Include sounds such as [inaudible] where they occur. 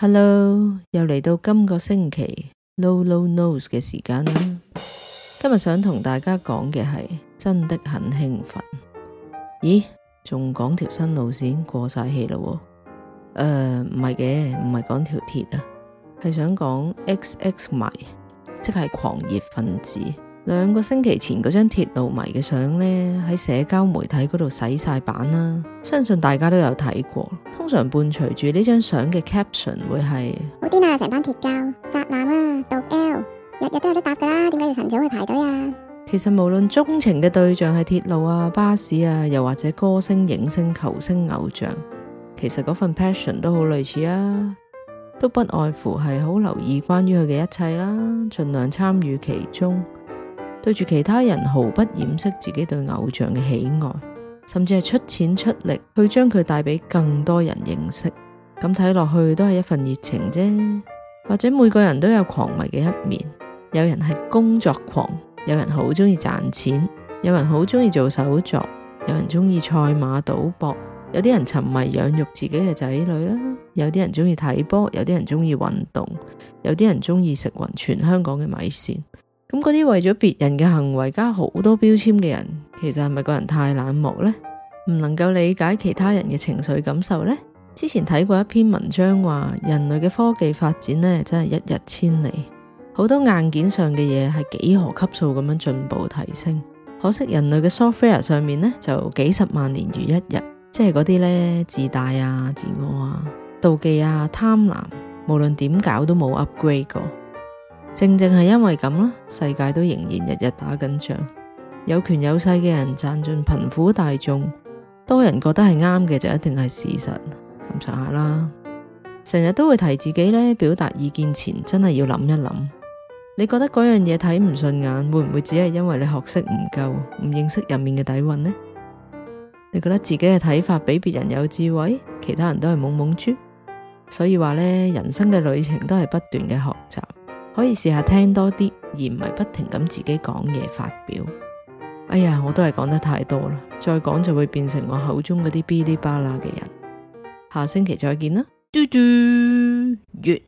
Hello，又嚟到今個星期 Low Low Nose 嘅時間啦。今日想同大家講嘅係真的很興奮。咦，仲講條新路線過晒氣啦？誒、呃，唔係嘅，唔係講條鐵啊，係想講 X X 迷，即係狂熱分子。兩個星期前嗰張鐵路迷嘅相呢，喺社交媒體嗰度洗晒版啦，相信大家都有睇過。通常伴隨住呢張相嘅 caption 會係：好啲啊，成班鐵膠宅男啊，讀 L 日日都有得搭㗎啦，點解要晨早去排隊啊？其實無論鍾情嘅對象係鐵路啊、巴士啊，又或者歌星、影星、球星、偶像，其實嗰份 passion 都好類似啊，都不外乎係好留意關於佢嘅一切啦，盡量參與其中，對住其他人毫不掩飾自己對偶像嘅喜愛。甚至係出錢出力去將佢帶俾更多人認識，咁睇落去都係一份熱情啫。或者每個人都有狂迷嘅一面，有人係工作狂，有人好中意賺錢，有人好中意做手作，有人中意賽馬賭博，有啲人沉迷養育自己嘅仔女啦，有啲人中意睇波，有啲人中意運動，有啲人中意食全香港嘅米線。咁嗰啲為咗別人嘅行為加好多標籤嘅人，其實係咪個人太冷漠呢？唔能夠理解其他人嘅情緒感受呢？之前睇過一篇文章話，人類嘅科技發展呢真係一日千里，好多硬件上嘅嘢係幾何級數咁樣進步提升。可惜人類嘅 software 上面呢，就幾十萬年如一日，即係嗰啲呢自大啊、自我啊、妒忌啊、貪婪，無論點搞都冇 upgrade 過。正正係因為咁啦，世界都仍然日日打緊仗，有權有勢嘅人佔盡貧苦大眾。多人覺得係啱嘅就一定係事實，咁查下啦。成日都會提自己咧，表達意見前真係要諗一諗。你覺得嗰樣嘢睇唔順眼，會唔會只係因為你學識唔夠，唔認識入面嘅底蘊呢？你覺得自己嘅睇法比別人有智慧，其他人都係懵懵豬？所以話呢，人生嘅旅程都係不斷嘅學習。可以試下聽多啲，而唔係不停咁自己講嘢發表。哎呀，我都係講得太多啦，再講就會變成我口中嗰啲嗶哩吧啦嘅人。下星期再見啦，嘟嘟月。 [noise]